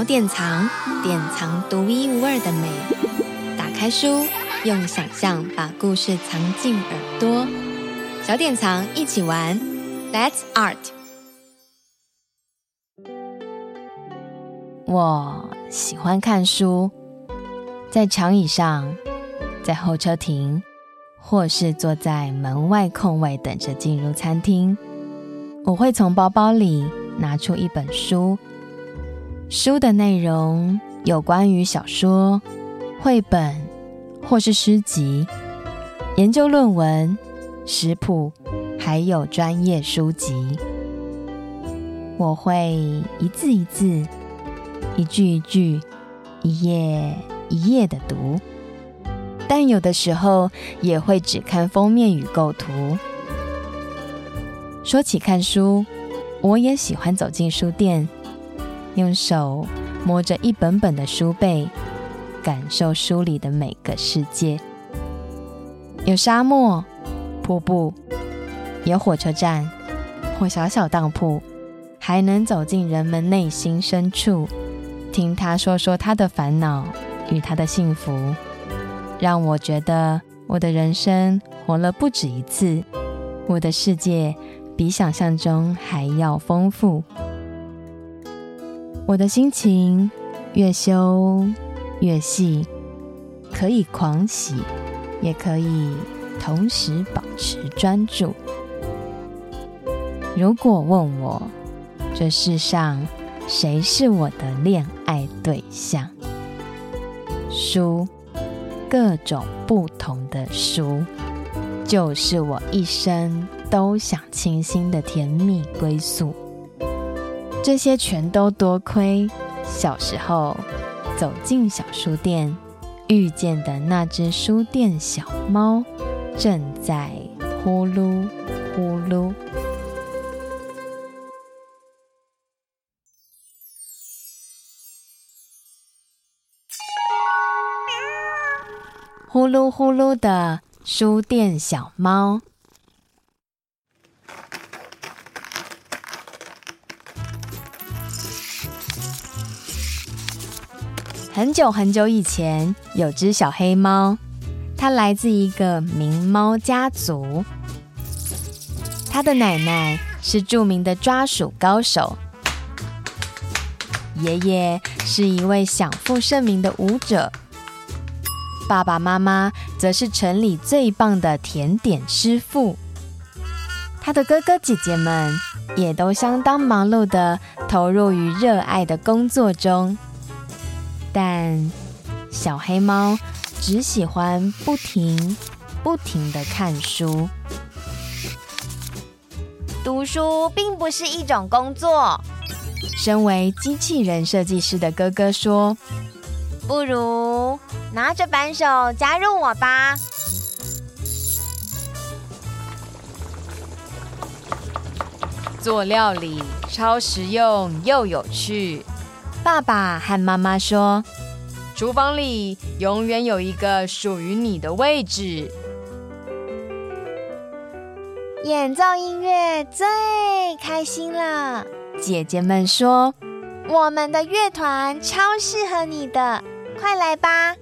小典藏，典藏獨一無二的美。打開書，用想象把故事藏進耳朵。小典藏，一起玩，Let's Art。我喜歡看書，在長椅上，在候車亭，或是坐在門外空位等着進入餐廳。我會從包包裡拿出一本書。書的內容有關於小說、繪本，或是詩集、研究論文、食譜，還有專業書籍。我會一字一字、一句一句、一頁一頁的讀，但有的時候也會只看封面與構圖。說起看書，我也喜歡走進書店。用手摸着一本本的書背，感受書裡的每個世界。有沙漠、瀑布，有火車站或小小當鋪，還能走進人們內心深處，聽他說說他的煩惱與他的幸福。讓我覺得我的人生活了不止一次，我的世界比想象中還要豐富。我的心情越修越細，可以狂喜，也可以同時保持專注。如果問我，這世上誰是我的戀愛對象？書，各種不同的書，就是我一生都想傾心的甜蜜歸宿。這些全都多虧小時候走進小書店遇見的那只書店小貓，正在呼嚕呼嚕呼嚕呼嚕的書店小貓。很久很久以前，有隻小黑貓，它來自一個名貓家族。它的奶奶是著名的抓鼠高手，爺爺是一位享負盛名的舞者，爸爸媽媽則是城裡最棒的甜點師傅。他的哥哥姐姐們也都相當忙碌的投入於熱愛的工作中。但小黑貓只喜歡不停、不停的看書。讀書並不是一種工作。身為機器人設計師的哥哥說：“不如拿着扳手加入我吧，做料理超實用又有趣。”爸爸和媽媽說：“廚房裡永遠有一個屬於你的位置，演奏音樂最開心了。”姐姐們說：“我們的樂團超適合你的，快來吧！”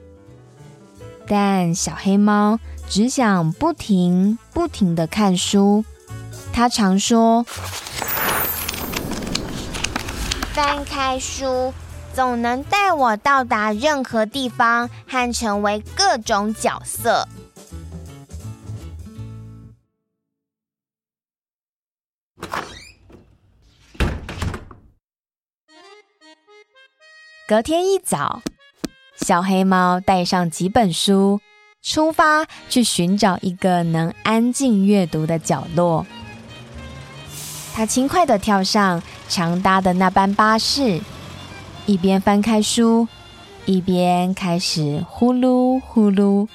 但小黑貓只想不停、不停的看書，他常說。翻開書，總能帶我到達任何地方，和成為各種角色。隔天一早，小黑貓帶上幾本書，出發去尋找一個能安靜閱讀的角落。他輕快的跳上常搭的那班巴士，一邊翻開書，一邊開始呼嚕呼嚕。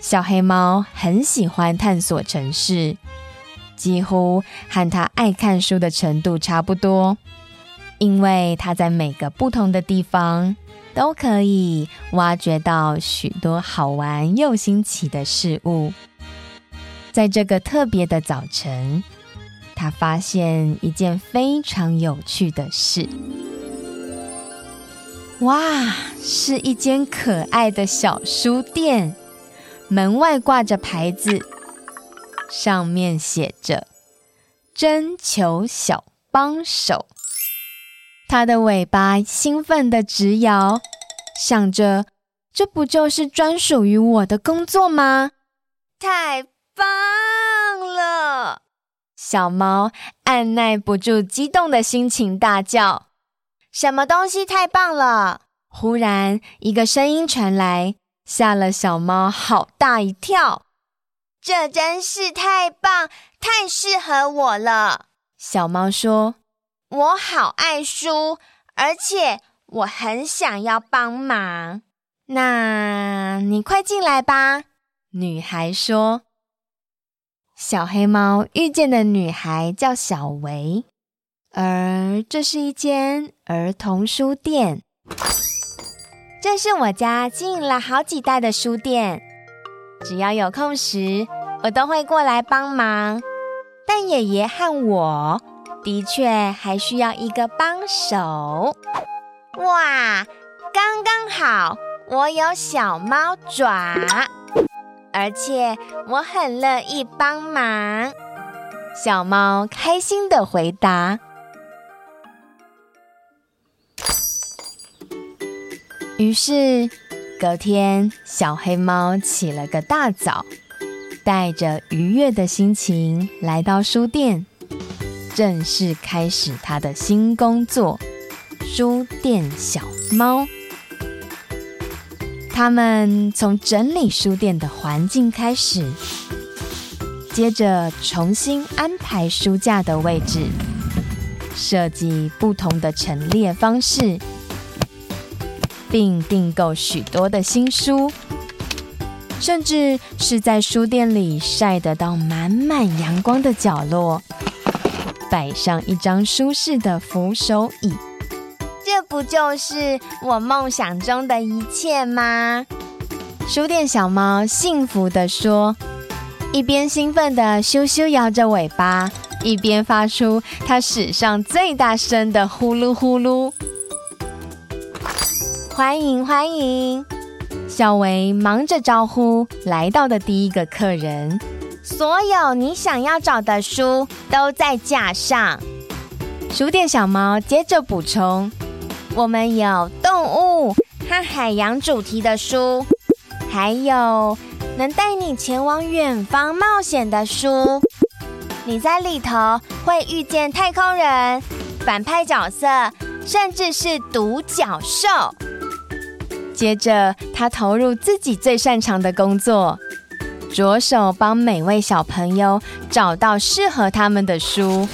小黑貓很喜歡探索城市，幾乎和他愛看書的程度差不多，因為他在每個不同的地方都可以挖掘到許多好玩又新奇的事物。在這個特別的早晨，他發現一件非常有趣的事，哇，是一間可愛的小書店，門外掛着牌子，上面寫着“徵求小幫手”。他的尾巴興奮地直搖，想着：“這不就是專屬於我的工作嗎？太棒！”小貓按耐不住激動的心情，大叫：“什麼東西太棒了？”忽然，一個聲音傳來，嚇了小貓好大一跳。“這真是太棒，太適合我了。”小貓說：“我好愛書，而且我很想要幫忙。那你快進來吧。”女孩說。小黑貓遇見的女孩叫小維，而這是一間兒童書店。這是我家經營了好幾代的書店，只要有空時，我都會過來幫忙。但爺爺和我的確還需要一個幫手。哇，剛剛好，我有小貓爪。而且我很樂意幫忙，小貓開心的回答。於是，隔天小黑貓起了個大早，帶着愉悅的心情來到書店，正式開始他的新工作——書店小貓。他們從整理書店的環境開始，接着重新安排書架的位置，設計不同的陳列方式，並訂購許多的新書，甚至是在書店裡曬得到滿滿陽光的角落，擺上一張舒適的扶手椅。這不就是我夢想中的一切嗎？書店小貓幸福地說，一邊興奮地咻咻搖着尾巴，一邊發出它史上最大聲的呼嚕呼嚕。歡迎歡迎，歡迎小維忙着招呼來到的第一個客人。所有你想要找的書都在架上。書店小貓接着補充。我們有動物和海洋主題的書，還有能帶你前往遠方冒險的書。你在裡頭會遇見太空人、反派角色，甚至是獨角獸。接着，他投入自己最擅長的工作，着手幫每位小朋友找到適合他們的書。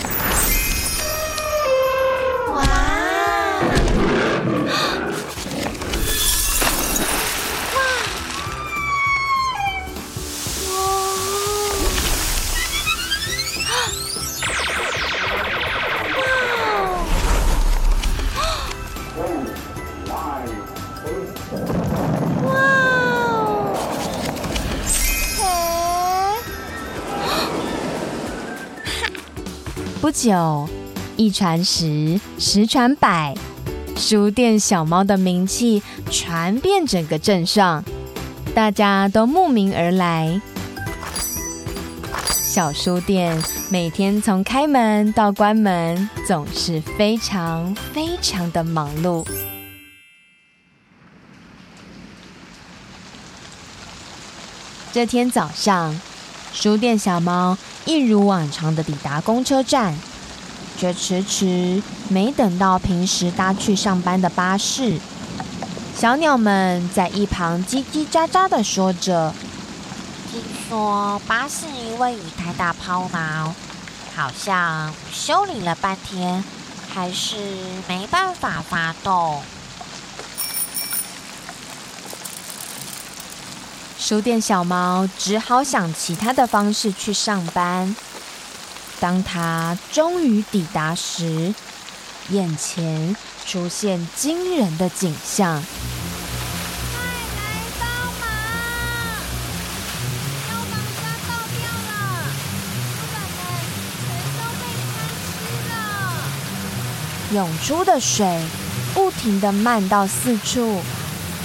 不久，一傳十，十傳百，書店小貓的名氣傳遍整個鎮上，大家都慕名而來。小書店每天從開門到關門，總是非常非常的忙碌。這天早上。書店小貓一如往常的抵達公車站，卻遲遲沒等到平時搭去上班的巴士。小鳥們在一旁嘰嘰喳喳的說着：“聽說巴士因為雨太大拋錨，好像修理了半天，還是沒辦法發動。”書店小貓只好想其他的方式去上班。當他終於抵達時，眼前出現驚人的景象。快來幫忙！消防車爆掉了，老闆們全都被淹濕了。湧出的水不停的漫到四處，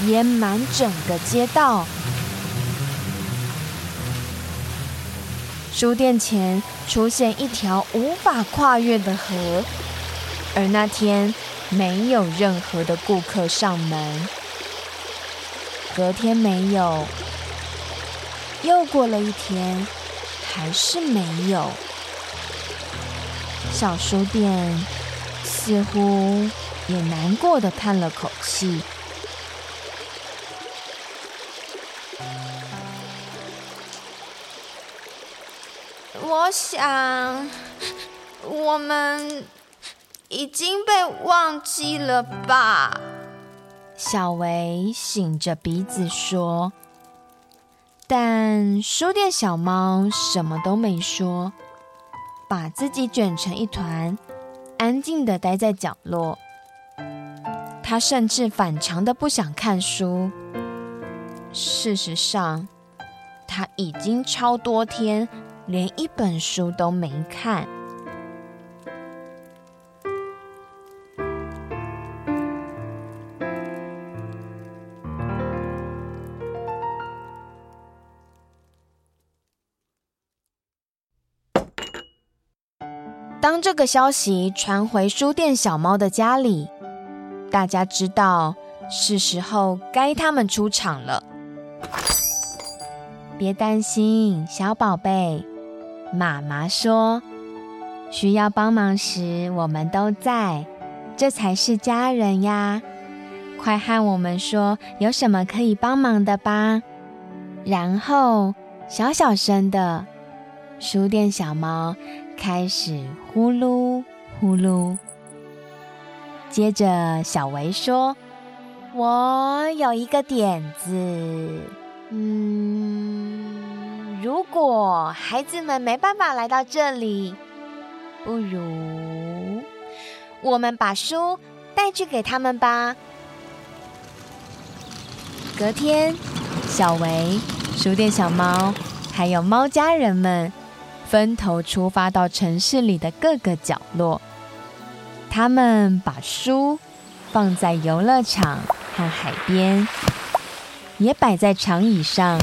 淹滿整個街道。書店前出現一條無法跨越的河，而那天沒有任何的顧客上門。隔天沒有，又過了一天，還是沒有。小書店似乎也難過的嘆了口氣。我想，我們已經被忘記了吧？小維擤着鼻子說。但書店小貓什麼都沒說，把自己捲成一團，安靜的待在角落。他甚至反常的不想看書。事實上，他已經超多天，連一本書都沒看。當這個消息傳回書店小貓的家裡，大家知道是時候該他們出場了。別擔心，小寶貝。媽媽說：“需要幫忙時，我們都在，這才是家人呀！快和我們說，有什麼可以幫忙的吧。”然後小小聲的書店小貓開始呼嚕呼嚕。接着小維說：“我有一個點子，嗯。”如果孩子們沒辦法來到這裡，不如我們把書帶去給他們吧。隔天，小維、書店小貓還有貓家人們分頭出發到城市裡的各個角落。他們把書放在遊樂場和海邊，也擺在長椅上。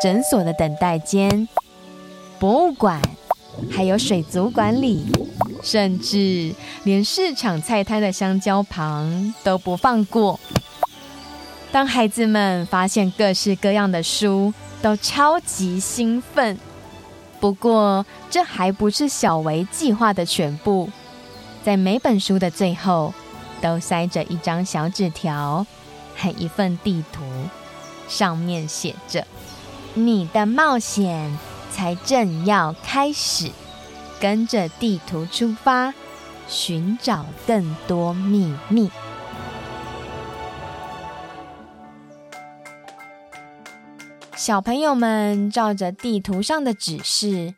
診所的等待間、博物館，還有水族館裡，甚至連市場菜攤的香蕉旁都不放過。當孩子們發現各式各樣的書，都超級興奮。不過，這還不是小維計劃的全部。在每本書的最後，都塞着一張小紙條和一份地圖，上面寫着。你的冒險才正要開始，跟着地圖出發，尋找更多秘密。小朋友們照着地圖上的指示，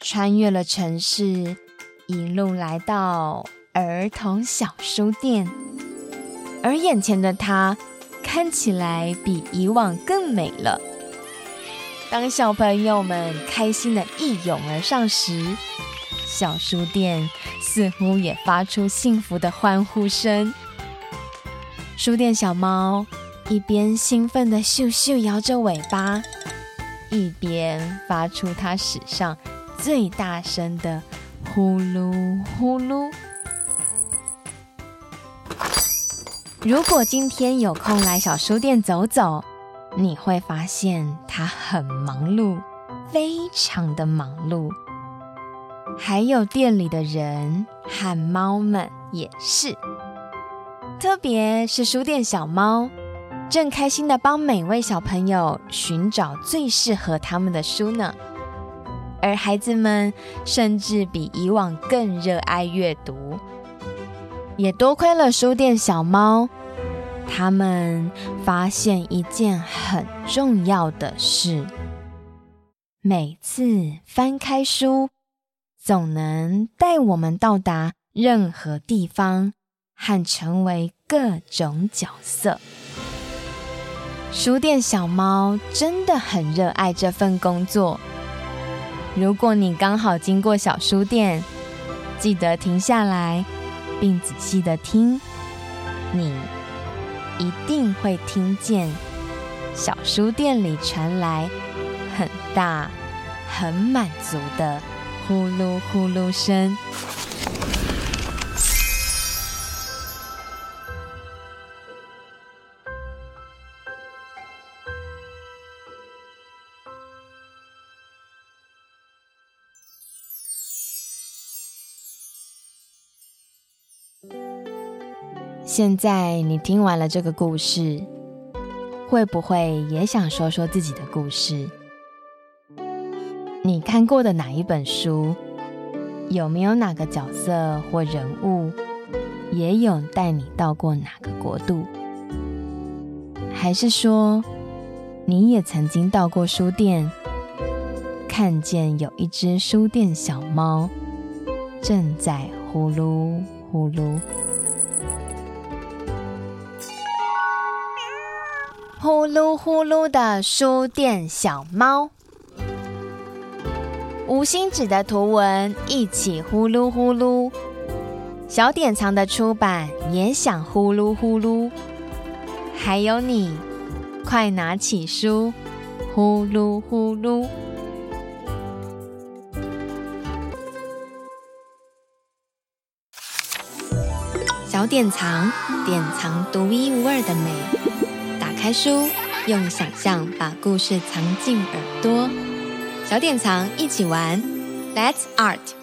穿越了城市，一路來到兒童小書店，而眼前的它看起來比以往更美了。當小朋友們開心的一擁而上時，小書店似乎也發出幸福的歡呼聲。書店小貓一邊興奮的咻咻搖着尾巴，一邊發出它史上最大聲的呼嚕呼嚕。如果今天有空來小書店走走。你會發現他很忙碌，非常的忙碌。還有店裡的人和貓們也是，特別是書店小貓，正開心的幫每位小朋友尋找最適合他們的書呢。而孩子們甚至比以往更熱愛閱讀，也多虧了書店小貓。他們發現一件很重要的事：每次翻開書，總能帶我們到達任何地方，和成為各種角色。書店小貓真的很熱愛這份工作。如果你剛好經過小書店，記得停下來，並仔細的聽你。一定會聽見，小書店裡傳來很大、很滿足的呼嚕呼嚕聲。現在你聽完了這個故事，會不會也想說說自己的故事？你看過的哪一本書，有沒有哪個角色或人物，也有帶你到過哪個國度？還是說，你也曾經到過書店，看見有一隻書店小貓，正在呼嚕呼嚕？呼嚕呼嚕的書店小貓，吳欣芷的圖文一起呼嚕呼嚕，小典藏的出版也想呼嚕呼嚕，還有你，快拿起書，呼嚕呼嚕。小典藏，典藏獨一無二的美。開書，用想象把故事藏進耳朵。小典藏一起玩，Let's Art。